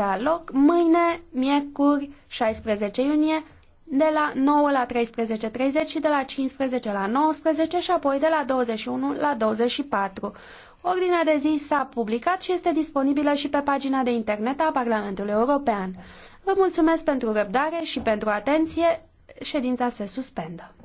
avea loc mâine, miercuri, 16 iunie, de la 9 la 13.30 și de la 15 la 19 și apoi de la 21 la 24. Ordinea de zi s-a publicat și este disponibilă și pe pagina de internet a Parlamentului European. Vă mulțumesc pentru răbdare și pentru atenție. Ședința se suspendă.